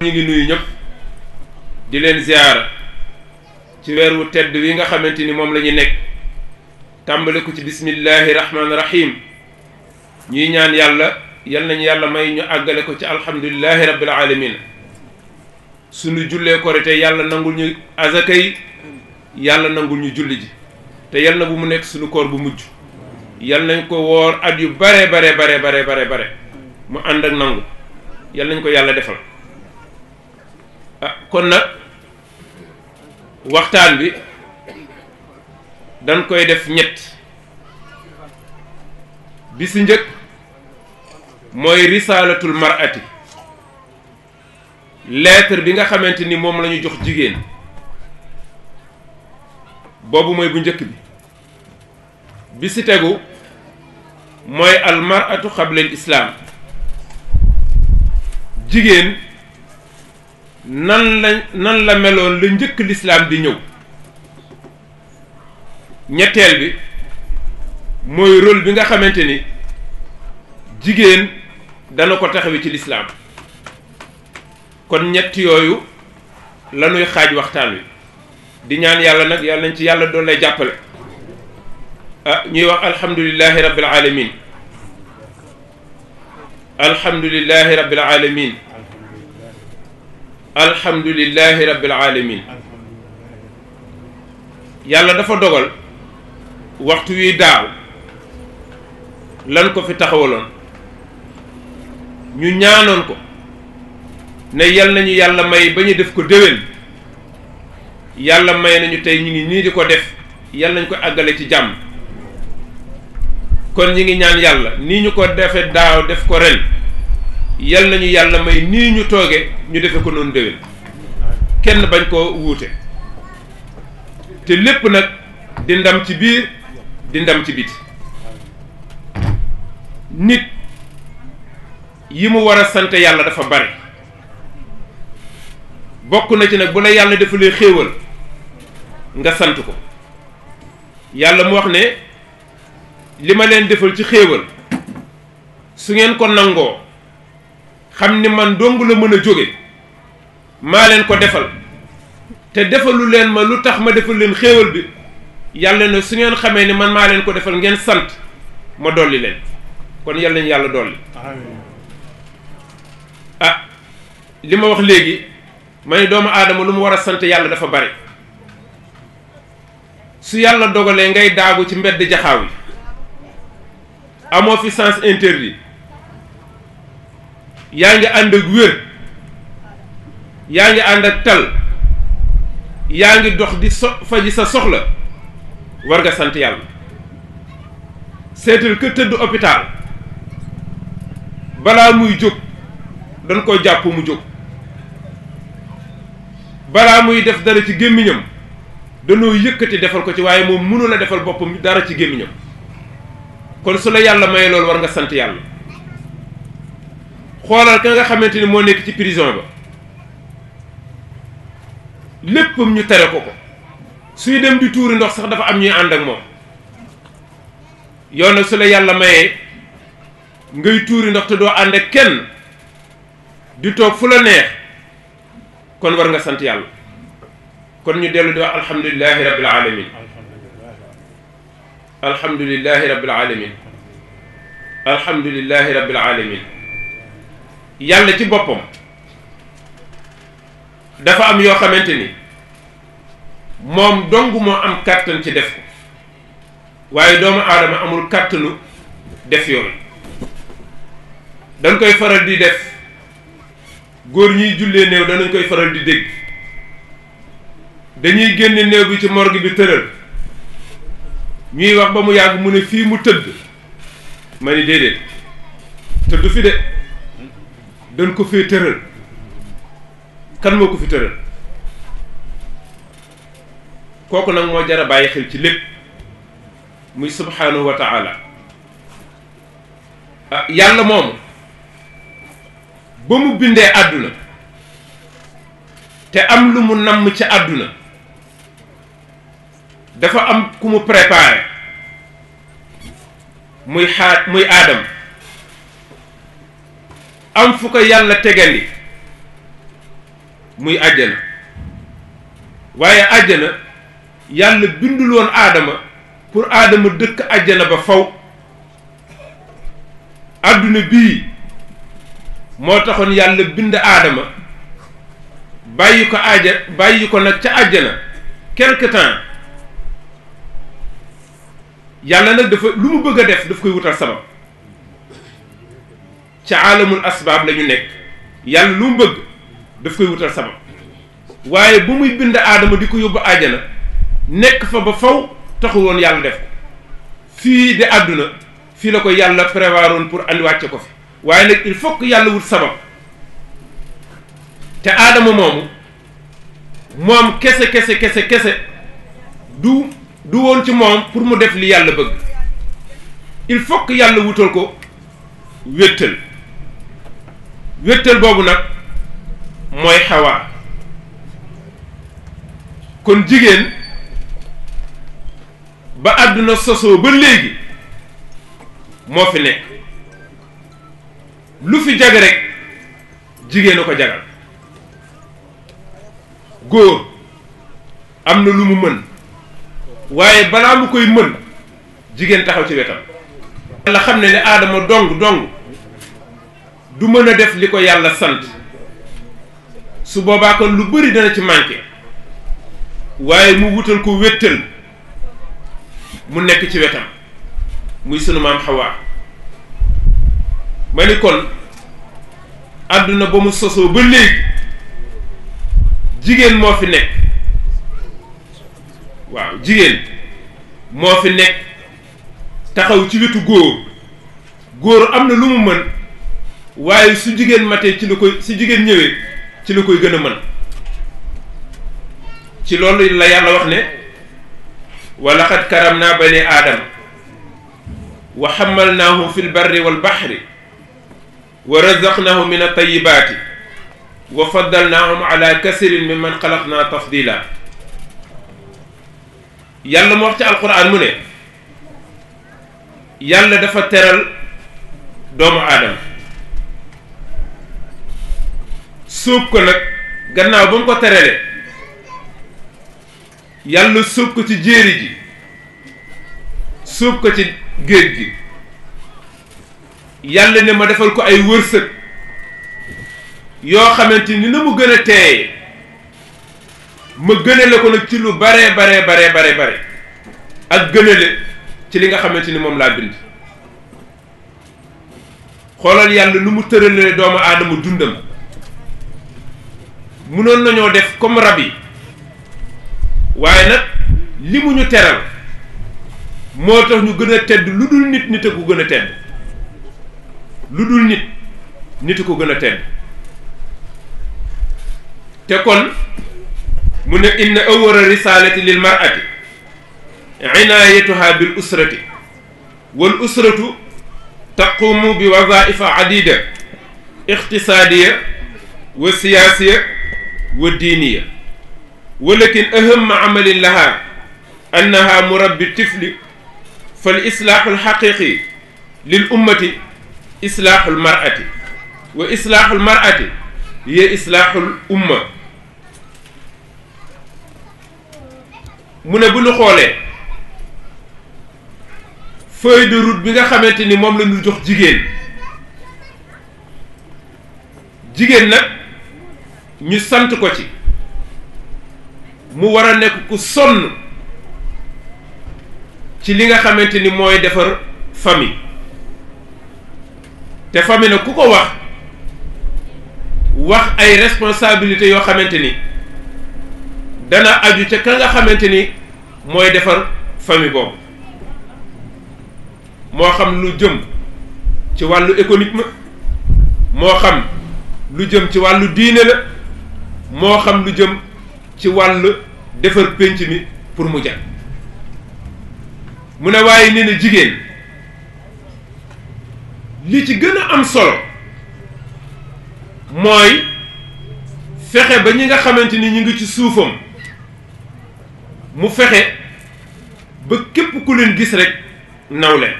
ñu ngi nuyu ñëpp di leen ziyaara ci weer wu tedd wi nga xamante ni moom la ñu nekk tàmbale ko ci bismillahi rahmaani rahim ñuy ñaan yàlla yal nañu yàlla may ñu àggale ko ci alhamdulillahi rabbil alamin suñu jullee korite yàlla nangul ñu azaka yàlla nangul ñu julli ji te yal na bu mu nekk suñu koor bu mujj yal nañ ko woor at yu bare bare bare bare bare bare mu ànd ak nangu yal nañ ko yàlla defal Ah, kon nag waxtaan bi dañ koy def ñett bi ci njëkk mooy risaalatul marati lettre bi nga xamante ni moom la jox jigéen boobu mooy bu njëkk bi bi si tegu mooy almaratu xablel islaam jigéen nan la nan la meloon lu njëkk lislaam di ñëw ñetteel bi mooy rôle bi nga xamante ni jigéen dana ko taxawe ci lislaam kon ñett yooyu la ñuy xaaj waxtaan wi di ñaan yàlla nag yàlla nañ ci yàlla doon lay jàppale a ah, ñuy wax alhamdulillahi rabbil alamin alhamdulillahi rabbil alamin alhamdulillahi rabbil alamin yàlla dafa dogal waxtu wi daaw lan ko fi taxawaloon ñu ñaanoon ko ne yal nañu yàlla may ba ñu def ko déwén yàlla may nañu tey ñu ngi nii di ko def yal nañ ko àggale ci jàmm kon ñi ngi ñaan yàlla nii ñu ko defe daaw def ko ren yal nañu yàlla may nii ñu tooge ñu defe ko noonu déwén kenn bañ koo wuute te lépp nag di ndam ci biir di ndam ci biti nit yi mu war a sant yàlla dafa bari bokk na ci nag bu la yàlla defulee xéewal nga sant ko yàlla mu wax ne li ma leen defal ci xéewal su ngeen ko nangoo xam ni man dong la mën a jóge maa leen ko defal te defalu leen ma lu tax ma defal leen xéewal bi yàlla ne su ngeen xamee ni man maa leen ko defal ngeen sant ma dolli leen kon yàlla nañu yàlla dolli ah li ma wax léegi ma ne doomu aadama lu mu war a sant yàlla dafa bari su yàlla dogalee ngay daagu ci mbedd jaxaaw yi amoo fi sens interdit yaa ngi ànd ak wér yaa ngi ànd ak tal yaa ngi dox di so faji sa soxla war nga sant yàlla seetal ka tëdd hôpital balaa muy jóg dañ ko jàpp mu jóg balaa muy def dara ci gémmiñam danoo yëkkati defal ko ci waaye moom mënu la defal boppam dara ci gémmiñam kon su la yàlla maye loolu war nga sant yàlla xoolal ka nga xamante ni moo nekk ci prison ba léppam ñu tere ko ko suy dem di tuuri ndox sax dafa am ñuy ànd ak moom yow nag su la yàlla mayee ngay tuuri ndox te doo ànd ak kenn di toog fu la neex kon war nga sant yàlla kon ñu dellu di wax alhamdulilahi rabbil alamin alhamdulilahi rabbil alamin yàlla ci boppam dafa am yoo xamante ni moom dong moo am kàttan ci def ko waaye doomu aadama amul kàttanu def yoon dañ koy faral di def góor ñiy jullee néew danañ koy faral di dégg dañuy génne néew bi ci morgue bi tëral ñuy wax ba mu yàgg mu ne fii mu tëdd ma ni déedéet tëdd fi de dañ ko fee tëral kan moo ko fi tëral kooku nag moo jar a bàyyi xel ci lépp muy subhanahu wa taala ah, yàlla moomu ba mu bindee àdduna te am lu mu namm ci àdduna dafa am ku mu préparé muy xaa muy aadama am fu ko yàlla tegandi muy àjjana waaye àjjana yàlla bindul aadama pour aadama dëkk àjjana ba faw àdduna bii moo taxoon yàlla bind aadama bàyyi ko àjja bàyyi ko nag ca àjjana quelque temps yàlla nag dafa lu mu bëgg def daf koy wutal sabab ca aalamul asbaab la ñu nekk yàlla lu mu bëgg daf koy wutal sabab waaye bu muy bind aadama di ko yóbbu aajana nekk fa ba fow taxul woon yàlla def ko fii de àdduna fii la ko yàlla prévoir pour andi wàcce ko fi waaye nag il faut que yàlla wut sabab te aadama moomu moom kese kese kese kese du du woon ci moom pour mu def li yàlla bëgg il faut yàlla wutal ko wéttal wéttal boobu nag mooy xawaa kon jigéen ba àdduna sosoo ba léegi moo fi nekk lu fi jag rekk jigéen ko jagal góor am na lu mu mën waaye balaa mu koy mën jigéen taxaw ci wetam yàlla xam ne ne aadama dong dong du mën a def li ko yàlla sant su boobaa kon lu bëri dana ci manqué waaye mu wutal ko wéttal mu nekk ci wetam muy sunu maam Xawaa ma ni kon àdduna ba mu sosoo ba léegi jigéen moo fi nekk waaw jigéen moo fi nekk taxaw ci wetu góor góor am na lu mu mën waaye su jigéen matee ci lu koy su jigéen ñëwee ci lu koy gën a mën ci loolu la yàlla wax ne wa laqad karam naa bani aadama wa xamalnaahum fi wal walbaxri wa razaqnaahum min altayibaati wa faddalnaahum ala kasirin min man xalaqnaa tafdila yàlla mu wax ci alquran mu ne yàlla dafa teral doomu aadama sóob ko nag gannaaw ba mu ko terale yàlla sóob ko ci jéeri ji sóob ko ci géej gi yàlla ne ma defal ko ay wërsëg yoo xamante ni na mu gën a teeye ma gënale ko nag ci lu baree baree baree bare bare ak gënale ci li nga xamante ni moom laa bind xoolal yàlla nu mu tëralee doomu aadama dundam mënoon nañu def comme rabbi waye nak nag ñu teral mo tax ñu gëna tedd luddul nit nit ko gëna tedd luddul nit nit ko gëna tedd te kon mu ne inna awwara risalati lil mar'ati inayatuha bil usrati wal usratu taqumu bi wadaifa adida iqtisadiya wa siyaasiya والدينية ولكن أهم عمل لها أنها مربي الطفل فالإصلاح الحقيقي للأمة إصلاح المرأة وإصلاح المرأة هي إصلاح الأمة mu ne bu ñu xoolee feuille de route bi nga xamante ni la ñu jox ñu sant ko ci mu war a nekk ku sonn ci li nga xamante ni mooy defar famille te famille na ku ko wax wax ay responsabilités yoo xamante ni dana aju ca ka nga xamante ni mooy defar famille boobu moo xam lu jëm ci wàllu économique moo xam lu jëm ci wàllu diine la moo xam lu jëm ci wàll defar pénc mi pour mu jag mu ne waaye nee jigéen li ci gën a am solo mooy fexe ba ñi nga xamante ni ñu ngi ci suufam mu fexe ba képp ku leen gis rek nawle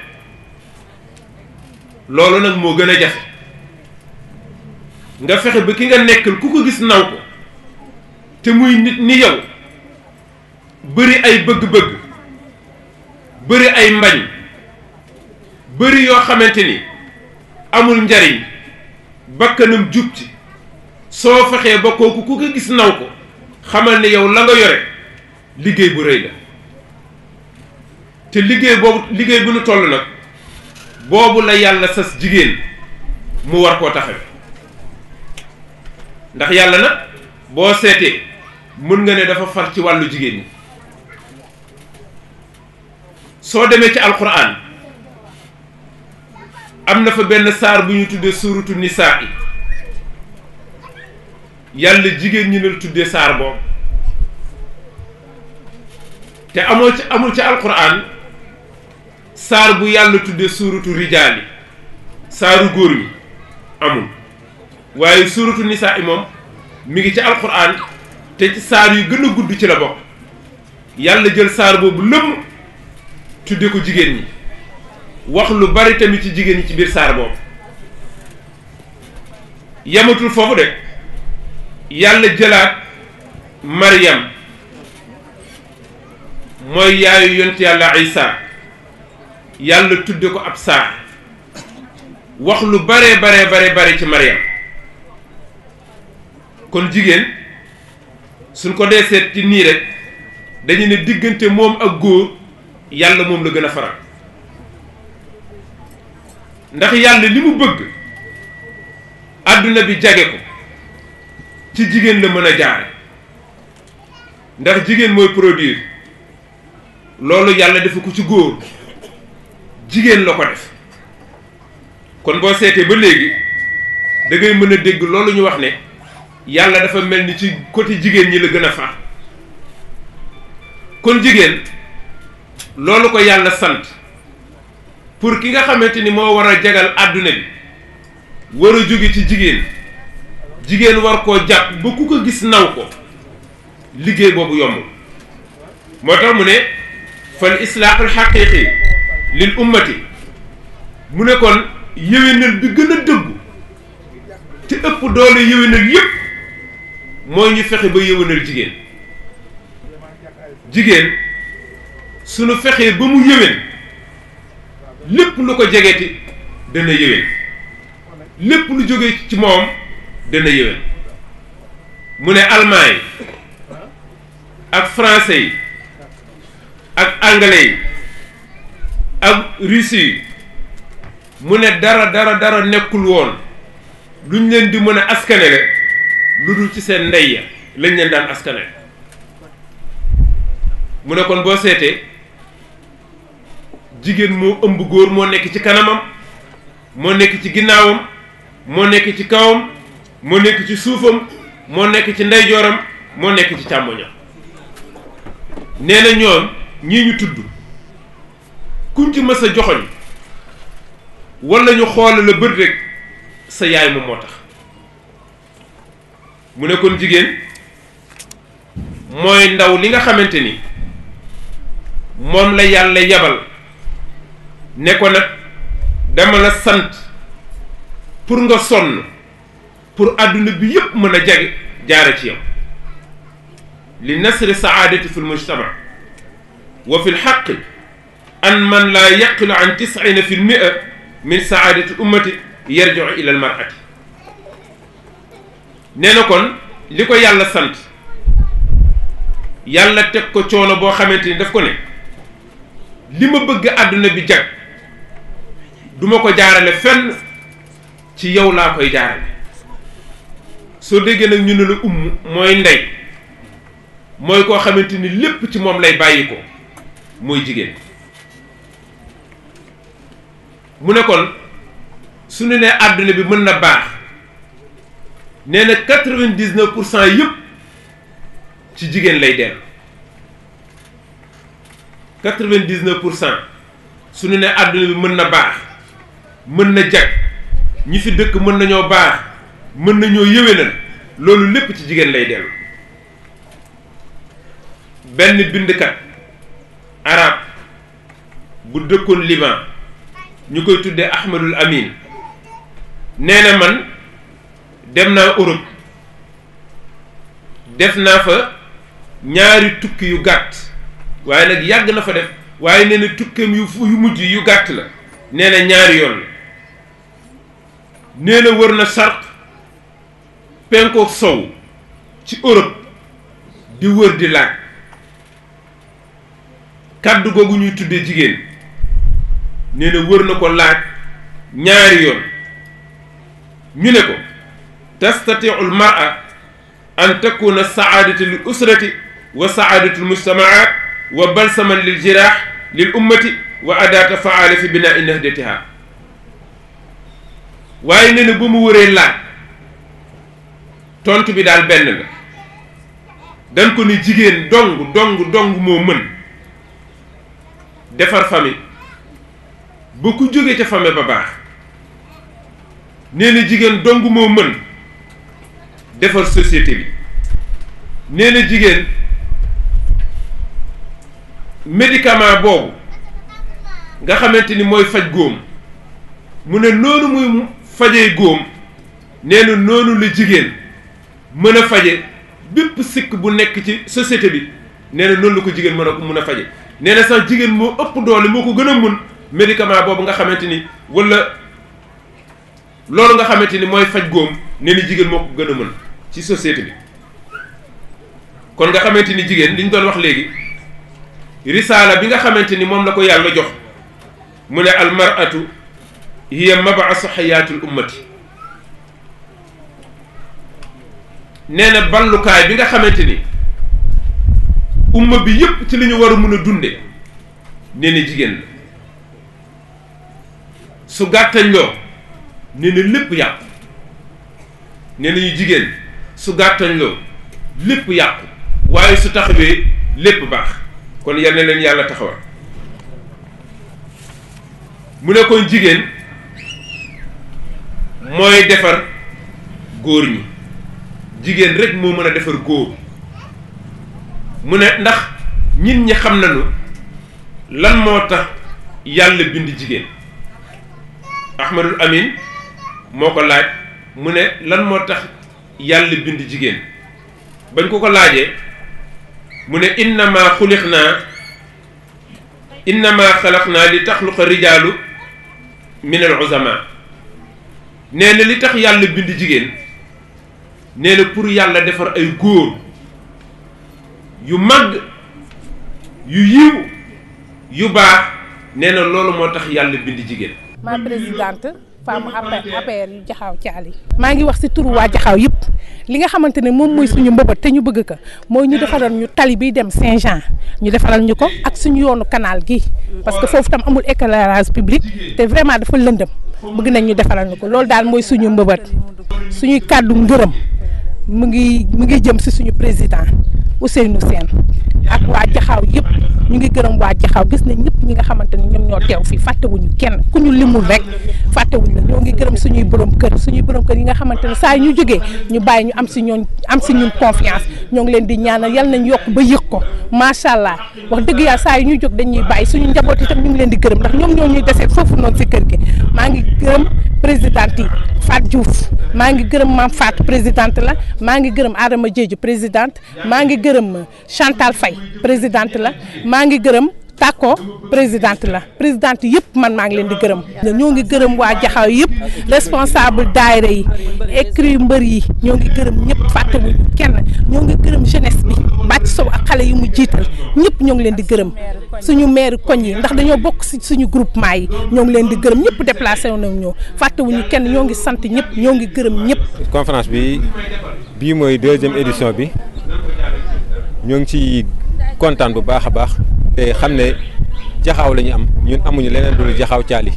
loolu nag moo gën a jafe nga fexe ba ki nga nekkal ku ko gis naw ko te muy nit ni yow bëri ay bëgg-bëgg bëri ay mbañ bëri yoo xamante ni amul njariñ bakkanam jub ci soo fexee ba kooku ku ko gis naw ko xamal ne yow la nga yore liggéey bu rëy la te liggéey boobu liggéey bu nu toll nag boobu la yàlla sa jigéen mu war koo taxawe ndax yàlla na boo seetee mën nga ne dafa far ci wàllu jigéen ñi soo demee ci alquran am na fa benn saar bu ñu tuddee suuratu nisaa yi yàlla jigéen ñi ne tuddee saar boobu te amoo amul ci alquran saar bu yàlla tuddee suuratu rijaal yi saaru góor yi amul waaye suuratu nisaa moom mu ngi ci alquran. te ci saar yu gën a gudd ci la bokk yàlla jël saar boobu lëmm tudde ko jigéen ñi wax lu bari tamit ci jigéen ñi ci biir saar boobu yamatul foofu de yàlla jëlaat Maryam mooy yaayu yont yàlla Isa yàlla tudde ko ab saar wax lu bare bare bare bare ci Maryam kon jigéen suñ ko dee seet ci nii rek dañu ne diggante moom ak góor yàlla moom la gën a faral ndax yàlla li mu bëgg àdduna bi jage ko ci jigéen la mën a jaare ndax jigéen mooy produire loolu yàlla defu ko ci góor jigéen la ko def kon boo seetee ba léegi da ngay mën a dégg loolu ñu wax ne yàlla dafa mel ni ci côté jigéen ñi la gën a faat kon jigéen loolu ko yàlla sant pour ki nga xamante ni moo war a jagal àdduna bi war a jóge ci jigéen jigéen war koo jàpp ba ku ko gis naw ko liggéey boobu yomb moo tax mu ne fan islaaxul xaqiiqi lil ummati mu ne kon yëwénal bi gën a dëggu te ëpp doole yëwénal yëpp mooy ñu fexe ba yëwanal jigéen jigéen sunu fexee ba mu yëwén lépp lu ko jegeeti dana yëwén lépp lu jóge ci moom dana yëwén mu ne allemand yi ak français yi ak anglais yi ak russie yi mu ne dara dara dara nekkul woon luñ leen di mën a askanele lu dul ci seen ndey ya lañ leen daan askane mu ne kon boo seetee jigéen moo ëmb góor moo nekk ci kanamam moo nekk ci ginnaawam moo nekk ci kawam moo nekk ci suufam moo nekk ci ndeyjooram moo nekk ci càmmoñam nee na ñoom ñii ñu tudd kuñ ci mës a joxoñ wala ñu xool la bët rek sa yaay moom moo tax mu ne kon jigéen mooy ndaw li nga xamante ni moom la yàlla yabal ne ko nag dama la sant pour nga sonn pour àdduna bi yépp mën a jage jaare ci yow li nasri saadati fi lmujtama wa fi lxaqi an man laa yaqilu an tisina fi lmia min saadati ummati yarjiu ila almarati nee na kon li ko yàlla sant yàlla teg ko coono boo xamante ni daf ko ne li ma bëgg àdduna bi jag duma ko jaarale fenn ci yow laa koy jaarale soo déggee nag ñu ne la umm mooy ndey mooy koo xamante ni lépp ci moom lay bàyyi ko mooy jigéen mu ne kon su ne nee àdduna bi mën na baax nee na quatre vingt dix pour cent yëpp ci jigéen lay dellu quatre vingt pour cent suñu ne àdduna bi mën na baax mën na jag ñi fi dëkk mën nañoo baax mën nañoo yëwénal loolu lépp ci jigéen lay dellu benn bindkat arab bu dëkkoon Liban ñu koy tuddee Ahmadul Amin nee na man dem naa Europe def naa fa ñaari tukki yu gàtt waaye nag yàgg na fa def waaye nee na tukkeem yu yu mujj yu gàtt la nee na ñaari yoon la nee na wër na sarq penkook sow ci Europe di wër di laaj kàddu googu ñuy tuddee jigéen nee na wër na ko laaj ñaari yoon ñu ne ko تستطيع المرأة أن تكون السعادة للأسرة وسعادة المجتمعات وبلسما للجراح للأمة وأداة فعالة في بناء نهضتها waaye nee na bu mu wëree laaj tontu bi daal benn la dañ ko ni jigéen dong dong dong moo mën defar famille ba ku jóge ca famille ba baax nee na jigéen dong moo mën defar société bi nee na jigéen médicament boobu nga xamante ni mooy faj góom mu ne noonu muy fajee góom nee na noonu la jigéen mën a faje bépp sikk bu nekk ci société bi nee na noonu la ko jigéen mën a mën a faje nee na sax jigéen moo ëpp doole moo ko gën a mën médicament boobu nga xamante ni wala loolu nga xamante ni mooy faj góom nee ni jigéen moo ko gën a mën ci société bi kon nga xamante ni jigéen liñ doon wax léegi risaala bi nga xamante ni moom la ko yàlla jox mu ne almaratu hiya mabaasu xayaatul ummati nee na ballukaay bi nga xamante ni umma bi yëpp ci li ñu war a mën a dunde nee na jigéen la su gàttañ loo nee na lépp yàpp nee na jigéen su gàttañ lépp yàqu waaye su taxawee lépp baax kon yal na leen yàlla taxawal mu ne kon jigéen mooy defar góor ñi jigéen rekk moo mën a defar góor mu ne ndax nit ñi xam nañu lan moo tax yàlla bind jigéen ahmadul amin moo ko laaj mu ne lan moo tax yàlla bind jigéen bañ ko ko laajee mu ne innama xuliq naa innama xalaq naa li taxluqa rijaalu min al uzama nee na li tax yàlla bind jigéen nee pour yàlla defar ay góor yu màgg yu yiw yu baax nee loolu moo tax yàlla bind jigéen femme APR yu jaxaaw caali maa ngi wax si turu waa jaxaaw yëpp li nga xamante ne moom mooy suñu mbëbët te ñu bëgg ko mooy ñu defaral ñu tali bi dem Saint-Jean ñu defaral ñu ko ak suñu yoonu kanaal gi parce que foofu tam amul éclairage publique te vraiment dafa lëndëm bëgg nañ ñu defaral ñu ko loolu daal mooy suñu mbëbët suñu kàddu ngërëm mu ngi mu ngi jëm si suñu président nu Sène ak waa Jaxaaw yëpp ñu ngi gërëm waa Jaxaaw gis nañ ñëpp ñi nga xamante ni ñoom ñoo teew fii fàttewuñu kenn ku ñu limul rek fàttewuñu la ñoo ngi gërëm suñuy borom kër suñuy borom kër yi nga xamante ne saa ñu jógee ñu bàyyi ñu am si ñoon am si ñun confiance ñoo ngi leen di ñaanal yal nañ yokk ba yëg ko macha allah wax dëgg yàlla saa yu ñuy jóg dañuy bàyyi suñu njaboot tam ñu ngi leen di gërëm ndax ñoom ñoo ñuy defee foofu noonu si kër gi maa ngi gërëm présidente yi Fatou Diouf maa ngi gërëm Mame Fatou présidente la maa ngi gërëm Adama Diédhiou présidente maa ngi gërëm Chantal Faye présidente la maa ngi gërëm Tako présidente la présidente yëpp man maa ngi leen di gërëm ñoo ngi gërëm waa jaxaw yëpp responsable daayira yi écrit mbër yi ñoo ngi gërëm ñëpp fàttewuñ kenn ñoo ngi gërëm jeunesse bi bàcc sow xale yi mu jiital ñëpp ñoo ngi leen di gërëm suñu maire koñ yi ndax dañoo bokk si suñu groupement yi ñoo ngi leen di gërëm ñëpp déplacé wu ñoo fàttewuñu kenn ñoo ngi sant ñëpp ñoo ngi gërëm ñëpp conférence bi bii mooy deuxième édition bi ñoo ngi ci kontaan bu baax a baax te xam ne jaxaaw la ñu am ñun amuñu leneen dul jaxaaw caali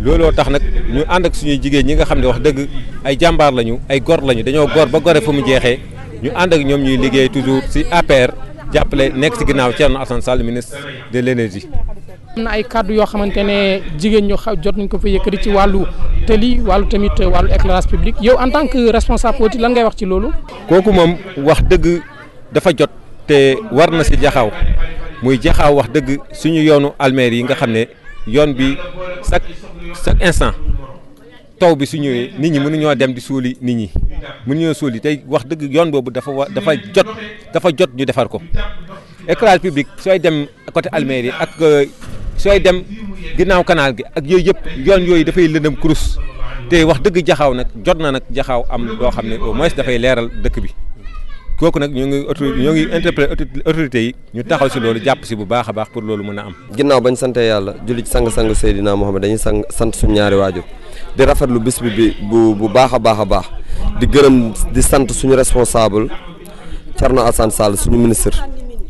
looloo tax nag ñu ànd ak suñuy jigéen ñi nga xam ne wax dëgg ay jàmbaar lañu ay gor lañu dañoo gor ba gore fu mu jeexee ñu ànd ak ñoom ñuy liggéey toujours si APR jàppale nekk ci ginnaaw Thierno Alassane Sall ministre de l'énergie. am na ay kàddu yoo xamante ne jigéen ñu xaw jot nañ ko fa yëkkati ci wàllu tëli wàllu tamit wàllu éclairage public yow en tant que responsable politique lan ngay wax ci loolu. kooku moom wax dëgg dafa jot. te war na si jaxaw muy jaxaaw wax dëgg suñu yoonu almeer yi nga xam ne yoon bi chaque chaque instant taw bi su ñëwee nit ñi mënuñoo dem di suuli nit ñi mu mënuñoo suuli tey wax dëgg yoon boobu dafa wa dafa jot dafa jot ñu defar ko éclairage public sooy dem côté almeer yi ak euh, sooy dem ginnaaw canal gi ak yooyu yëpp yoon yooyu dafay lëndëm kurus te wax dëgg jaxaw nag jot na nag jaxaw am loo xam ne au moins dafay leeral dëkk bi koku nak ñu ngi autorité ñu ngi interpréter autorité yi ñu taxaw ci lolu japp ci bu baaxa baax pour lolu mëna am ginnaw bañ santé yalla julli ci sang-sang sayidina mohammed dañuy sang sante suñu ñaari waju di rafetlu bis bi bi bu bu baaxa baaxa baax di gëreum di sante suñu responsable charno assan Sall suñu ministre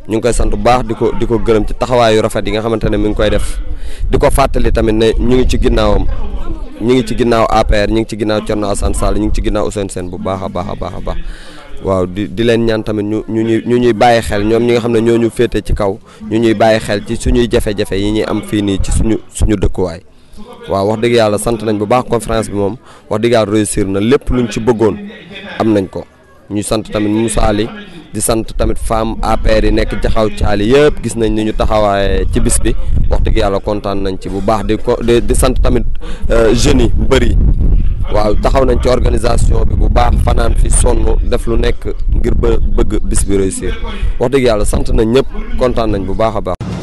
ñu ngi koy sante baax diko diko di ci taxaway yu taxawaayu rafet yi nga xamantene mi ngi koy def di fatali tamit ne ñu ngi ci ginnaawam ñu ngi ci ginnaw APR ñu ngi ci ginnaw charno assan Sall ñu ngi ci ginnaw Ousseynou Sen bu baaxa baaxa baaxa baax waaw di di leen ñaan tamit ñu ñu ñuy ñu ñuy bàyyi xel ñoom ñi nga xam ne ñoo ñu féete ci kaw ñu ñuy bàyyi xel ci suñuy jafe-jafe yi ñuy am fii nii ci suñu suñu dëkkuwaay waaw wax dëgg yàlla sant nañ bu baax conférence bi moom wax dëgg yàlla réussir na lépp lu ñu ci bëggoon am nañ ko ñu sant tamit Moussa Ali di sant tamit femme APR yi nekk jaxaw caali yëpp gis nañ ni ñu taxawaaye ci bis bi wax dëgg yàlla kontaan nañ ci bu baax di ko di sant tamit euh, jeunes yi mbër waaw taxaw nañ ci organisation bi bu baax fanaan fi sonn def lu nekk ngir ba bëgg bis bi réussir wax dëgg yàlla sant nañ ñëpp kontaan nañ bu baax a baax.